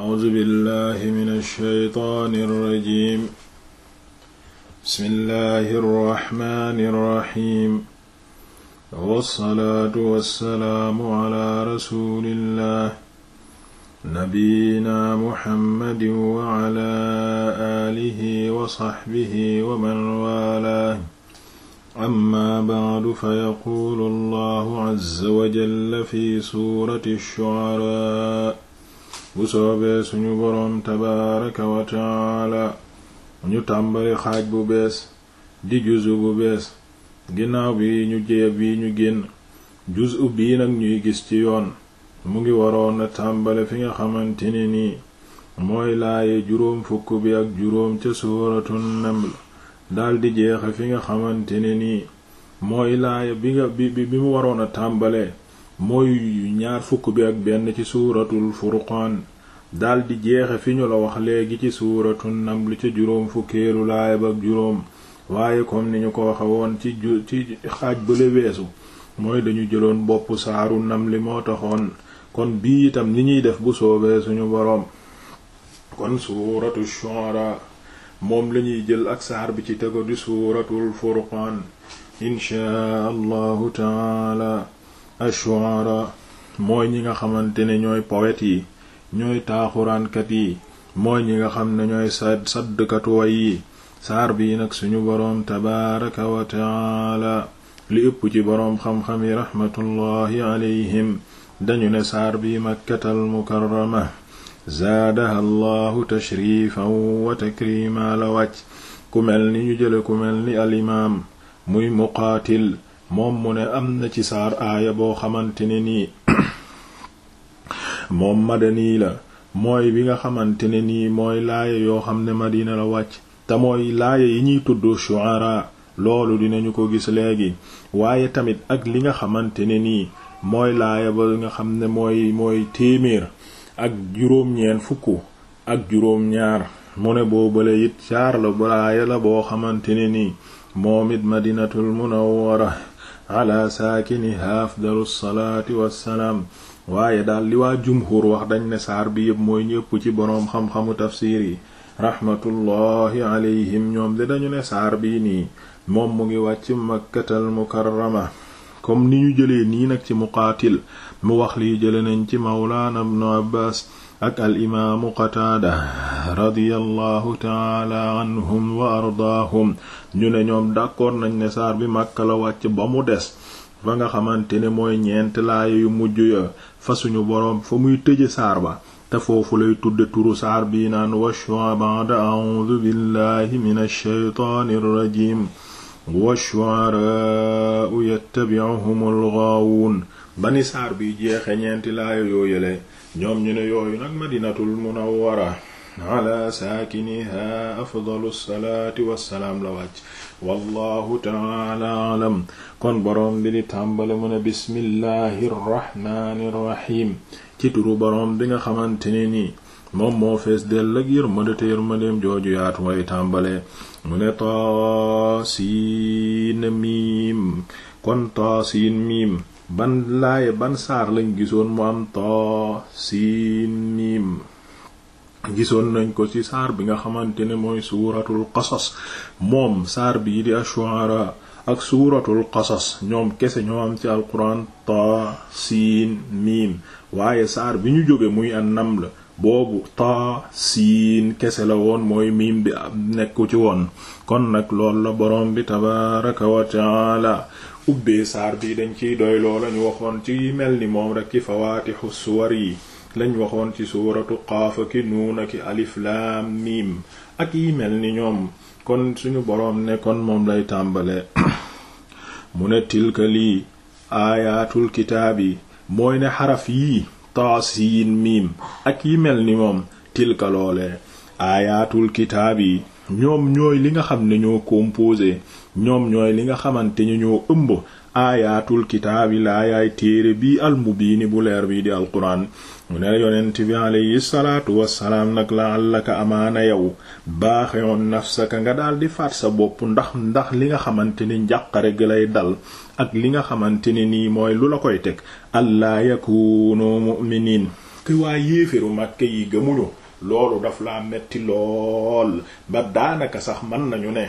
A'uuzu billaahi mina shaytaani rajiim. Bismillaahi rahmaani rahiim. Wassalaatu wassalaamu alaa rasuulillaah. Nabiyyinaa Muhammadin wa alaa aalihi wa sahbihi wa man waalaah. Ammaa ba'du fayaquulu Allaahu azza wa jalla fi suurati shu'araa. bu soobee suñu boroom tabaaraka wa taala ñu tàmbali xaaj bu bees di juzu bu bees ginnaaw bi ñu jeeb bi ñu génn juzu bii nag ñuy gis ci yoon mu ngi waroon a tàmbale fi nga xamante ne nii mooy laaye juróom fukk bi ak juróom ca suuratu naml daldi jeexe fi nga xamante ne nii mooy laaya bi bi mu waroon a tàmbalee mooy ñaar fukk bi ak benn ci suuratul furqaan daldi jeexe fi ñu la wax léegi ci suuratu naml ca juróom fukkeelu laaya ak juróom waaye kon ni ñu ko waxe woon ci ju ci xaaj bale weesu mooy dañu jëloon bopp saaru naml moo taxoon kon bii itam ni ñuy def bu soobee suñu boroom kon suuratu shu'ara moom lañuy jël ak saar bi ci tego di suuratul furqaan inchaa allahu taala ashuara mooy ñi nga xamante ne ñooy poète yi ñooy taaxuraankat yi mooy ñi nga xam ne ñooy sadd saddkatu way yi saar bii nag suñu boroom tabaaraka wa li ëpp ci boroom xam-xam yi raxmatullahi alayhim dañu ne saar bi makkatal mukarrama zaadaha llahu tashrifan wa takrima la wàcc ku mel ni ñu jële ku mel ni alimaam muy muqaatil moom mu ne am na ci saar aaya boo xamante ne nii moom madani la mooy bi nga xamante ne nii mooy laaya yoo xam ne madina la wàcc te mooy laaya yi ñuy tudd shu'ara loolu dinañu ko gis léegi waaye tamit ak li nga xamante ne nii mooy laaya ba nga xam ne mooy mooy téeméer ak juróom-ñeent fukk ak juróom-ñaar mu ne boobale it saar la laaya la boo xamante ne nii moom it madinatul munawwara ala saakiniha afdalu salaati wassalaam waaye daal li waa jumhur wax dañ ne saar bi yépp mooy ñépp ci boroom xam-xamu tafsiir yi raxmatullahi alayhim ñoom de dañu ne saar bii nii moom mu ngi wàcc makkatal mukarrama comme ni ñu jëlee nii nag ci muqaatil mu wax lii jële nañ ci mawlaana ibnu abbaas ak al qataada radiyallahu taala anhum wa ardaahum ñu ne ñoom d'accord nañ ne saar bi Makka la wàcc ba mu des fa nga xamante ne mooy ñeent laaya yu mujj ya fa suñu boroom fa muy tëje saar ba te foofu lay tudde turu saar bii naan washwa ba'da a'udhu billahi minash shaytaanir rajiim saar bi jeexe ñeenti laaya yoo yele ñoom ñu ne yooyu nag madinatul munawwara ala saakiniha afdalu salaati wassalaam la wàcc wallahu kon boroom bi di tàmbale mu ne bi nga xamante ne nii moom fees dell ak yërmande te miim kon taasiin miim ban laaya ban saar lañ gisoon mu am taa siin miim gisoon nañ ko ci saar bi nga xamante ne mooy suuratul qasas moom saar bii di ashuara ak suuratul qasas ñoom kese ñoo am ci alquran taa siin miim waaye saar bi ñu jóge muy nam la boobu taa siin kese la woon mooy miim bi nekku ci woon kon nag loolu la borom bi tabaraka wa taala saar bi dañ ciy doy loola waxoon ci mel ni moom rek fawaatixu suwar yi lañ waxoon ci suuratu xaafa ki nuuna ki alif miim ak yi mel ñoom kon suñu boroom ne kon moom lay tàmbale mu ne tilka lii aayaatul kitaab yi mooy ne xaraf yii taasiin miim ak yi mel ni moom tilka loole aayatul kitaab yi ñoom ñooy li nga xam ne ñoo composé ñoom ñooy li nga xamante ñu ñoo ëmb aayaatul kitaabi laayaay téere bii almubiini bu leer bii di alquraan mu ne yonent bi alayhi salaatu wassalaam nag laallaka amaana yow baaxewoon nafsaka nga daal di faat sa bopp ndax ndax li nga xamante ni njàqare gi lay dal ak li nga xamante ne nii mooy lu la koy teg allaa yakuunu mu'miniin ki waa yéeféru màkke yi gëmuñu loolu daf laa metti lool ba daanaka sax man nañu ne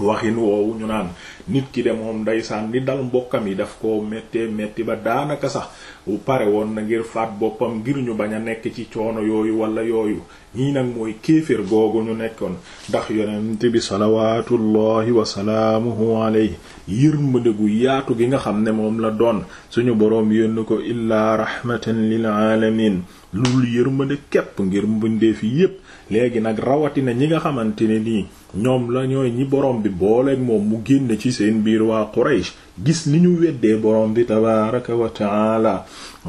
waxin woowu ñu naan nit ki de moom ndeysaan ni dal mbokkam yi daf ko méttee métti ba daanaka sax bu pare woon na ngir faat boppam ngir ñu bañ a nekk ci coono yooyu wala yooyu ñii nag mooy kéefér googu ñu nekkoon ndax yonent bi salawatullahi wasalaamuhu alayhi yërmande gu yaatu gi nga xam ne moom la doon suñu boroom yónn ko illaa rahmatan lil alamin lul yërmande képp ngir mbindeef yépp léegi nag rawatina ñi nga xamante ne nii ñoom la ñooy ñi borom bi booleeg moom mu génn ci seen biir waa Quraysh gis ni ñu weddee borom bi tabaaraka wa taala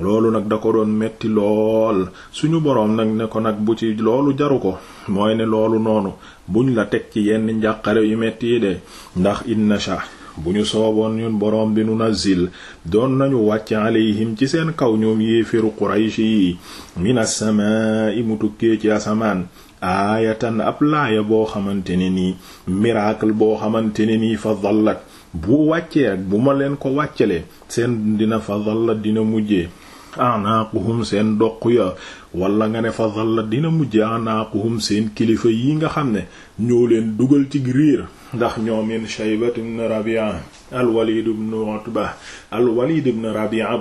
loolu nag da ko doon metti lool suñu borom nag ne ko nag bu ci loolu jaru ko mooy ne loolu noonu buñ la teg ci yenn njàqare yu metti de ndax inna sha bu ñu sooboon ñun boroom bi nu nazzil doon nañu wàcc alayhim ci seen kaw ñoom yéefiru Quraysh yi minas samaa'i mu tukkee ci asamaan aayatan ab laaya boo xamante ne nii miracle boo xamante ne nii fa dallat bu wàccee ak bu ma leen ko wàccalee seen dina fa dallat dina mujjee anaaquhum seen doq ya wala nga ne fa dhalla dina mujj anaaquhum seen kilifa yi nga xam ne ñoo leen dugal ci riir ndax ñoomin Shaybat ibn Rabi'a al ibn Utba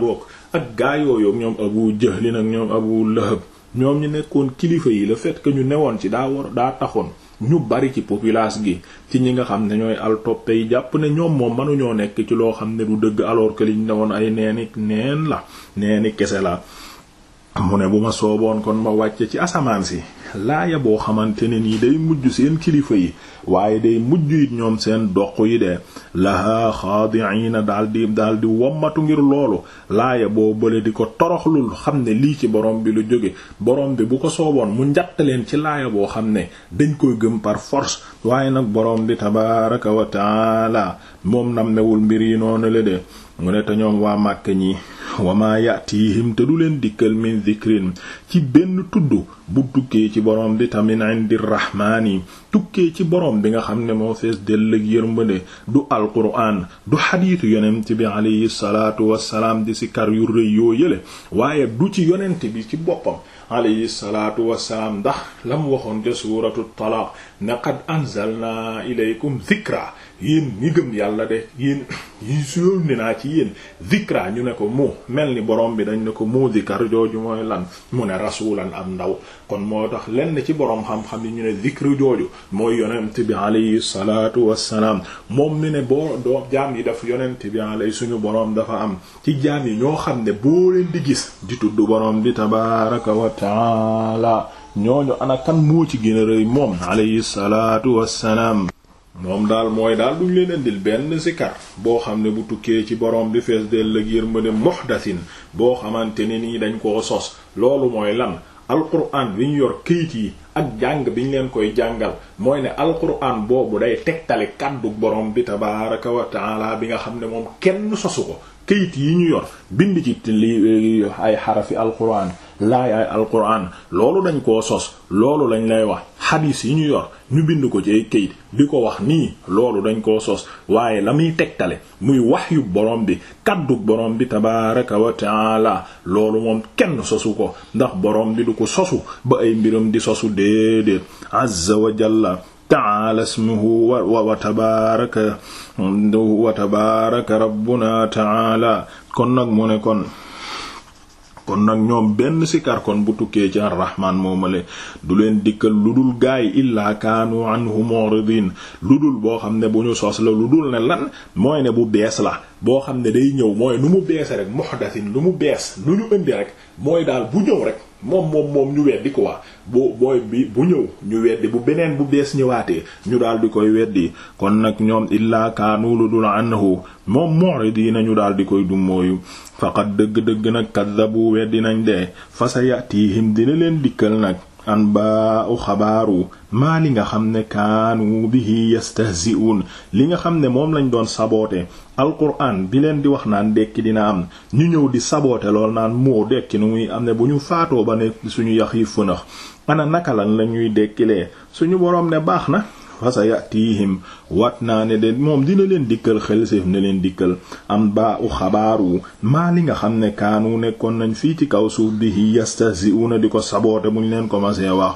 bokk ak gaayooyoog ñoom Abu Jahl ak ñoom Abu Lahab ñoom ñu nekkoon kilifa yi la fait que ñu newoon ci daa daa taxoon ñu bari ci populace gi ci ñi nga xam ne ñooy al toppe yi jàpp ne ñoom moom mënuñoo nekk ci loo xam ne du dëgg alors que liñ newoon ay neeni neen la neeni kese la mu ne bu ma sooboon kon ma wàcce ci asamaan si laaya boo xamante ne nii day mujj seen kilifa yi waaye day mujj it ñoom seen doq yi de lahaa xaadiina daldi daldi wommatu ngir loolu laaya boo bële di ko toroxlul xam ne lii ci borom bi lu jóge borom bi bu ko sooboon mu njatt ci laaya boo xam ne dañ koy gëm par waaye nag borom bi tabaaraka wa taala moom nam newul mbir yi noonu la de mu ne te ñoom waa Màkka ñi wamaa yatihim te du leen dikkal min zikrin ci benn tudd bu tukkee ci boroom di tamin indi rahmaani tukkee ci borom bi nga xam ne moo fees dell ak yërmande du alquraan du xadiitu yonent bi alayhi salaatu wassalaam di sikar yu waaye du ci yonent bi ci boppam alayhi salaatu ndax lam waxoon ca suuratu talaaq ne qad anzalnaa ilaykum zikra yéen ñi gëm yàlla de yéen yi suyoon naa ci yéen zikra ñu ne ko mu mel ni borom bi dañ ne ko moo zikar jooju mooy lan mu ne rasuulan am ndaw kon moo tax lenn ci borom xam-xam yi ñu ne zikr jooju mooy yonent bi alayhi salaatu wassalaam moom ne boo doo jaam yi daf yonent bi suñu boroom dafa am ci jaam yi ñoo xam ne boo leen di gis di tudd boroom bi tabaaraka wa taala ñooñu ana moo ci gën moom alayhi salaatu wassalaam moom daal mooy daal duñ leen indil benn sikar boo xam ne bu tukkee ci borom bi fees del lëg yërmande muhdathin boo xamante ne nii dañ koo sos loolu mooy lan alquran bi ñu yor këyit yi ak jàng bi ñu leen koy jàngal mooy ne alquran boobu day tegtale kàddu borom bi tabaraka wa taala bi nga xam ne moom kenn sosu ko këyit yi ñu yor bind ci li ay xarafi alquran laay ay alquran loolu dañ koo sos loolu lañ lay wax xadiis yi ñu yor ñu bind ko ci ay kayit di ko wax nii loolu dañ koo sos waaye la muy tegtale muy wax yu borom bi kaddu borom bi tabaaraka wa taala loolu moom kenn sosu ko ndax borom bi du ko sosu ba ay mbiram di sosu déedéet azza wa jalla taala ismuhu wa tabaaraka wa rabbuna taala kon nag mu ne kon kon nag ñoom benn sikar kon bu tukkee ci arrahmaan moomale du leen dikkal lu dul gaay illaa kaanu anhu mu'ridin lu dul boo xam ne bu ñu sos la lu dul ne lan mooy ne bu bees la boo xam ne day ñëw mooy nu mu beese rek muhdathin lu mu bees lu ñu indi rek mooy daal bu ñëw rek moom moom moom ñu weddi quoi bu booy bi bu ñëw ñu weddi bu beneen bu bees ñëwaatee ñu daal di koy weddi kon nag ñoom illaa kaanu lu dul anhu moom moo mu'ridi nañu daal di koy dummóoyu faqad dëgg-dëgg nag bu weddi nañ de fa sayatihim dina leen dikkal nag ba anbaa'u xabaaru maa li nga xam ne kaanu bihi yastahzi'uun li nga xam ne moom lañ doon saboote alquran bi leen di wax naan dekki dina am ñu ñëw di saboote lool naan moo dekki nu muy am ne bu ñu faatoo ba ne suñu yax yi fënax ana naka lan la ñuy dekkilee suñu boroom ne baax na fa sa yatihim wat naa ne de moom dina leen dikkal xelséef na leen dikkal am baa u xabaaru maa li nga xam ne kaanu nekkoon nañ fii ci kaw suuf bi bihi yastahzi'una di ko saboote buñ leen commencé wax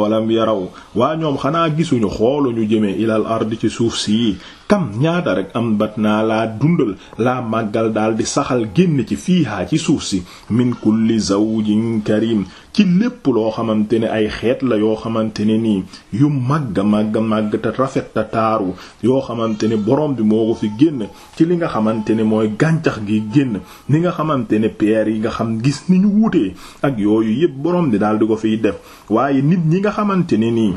walam yaraw waa ñoom xanaa gisuñu xoolu ñu jëmee ilal ard ci suuf sii kam ñaata rek am bat naa laa dundal laa màggal daal di saxal génn ci fiihaa ci suuf si min kulli zawjin karim ci lépp loo xamante ne ay xeet la yoo xamante ne nii yu màgg màgg màgg te rafet te taaru yoo xamante ne borom bi moo ko fi génn ci li nga xamante ne mooy gàncax gi génn ni nga xamante ne peer yi nga xam gis ni ñu wuutee ak yooyu yépp borom bi daal di ko fiy def waaye nit ñi nga xamante ne nii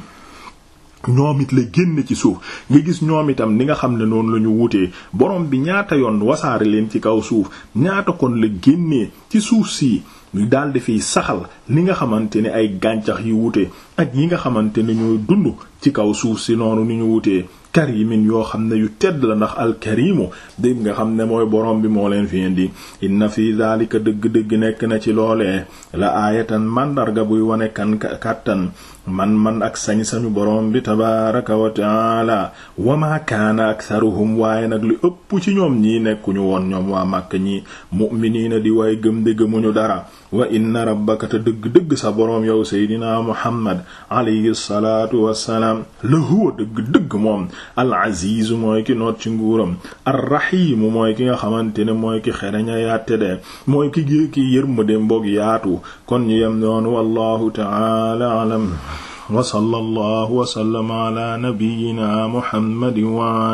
ñoom it la génn ci suuf nga gis ñoom itam ni nga xam ne noonu la ñu wutee borom bi ñaata yoon wasaare leen ci kaw suuf ñaata kon la génnee ci suuf sii ñu daldi fiy saxal li nga xamante ni ay gàncax yu wute ak yi nga xamante ne ñooy dund ci kaw suuf si noonu ni ñu wutee karimin yoo xam ne yu tedd la ndax alkarimu dégg nga xam ne mooy borom bi moo leen fi indi na fi daalika dëgg-dëgg nekk na ci loole la aayatan màndarga buy wane kan kàttan man-man ak sañ-sañu borom bi tabaraka wa taala wa maa kaana waaye nag lu ëpp ci ñoom ñii nekkuñu woon ñoom waa màkk ñi mu'miniina di way gëm de gëmuñu dara wa inna rabbaka te dëgg-dëgg sa boroom yow seydinaa muhammad alayhi salaatu wassalaam la huwa dëgg-dëgg moom al aziz mooy ki noot ci nguuram ar rahimu ki nga xamante ne mooy ki xereña yatte de mooy ki gi ki yërmande yaatu kon ñu yem noonu wallahu ta'ala alam wa sallallahu wa sallama ala nabiyyina muhammadin wa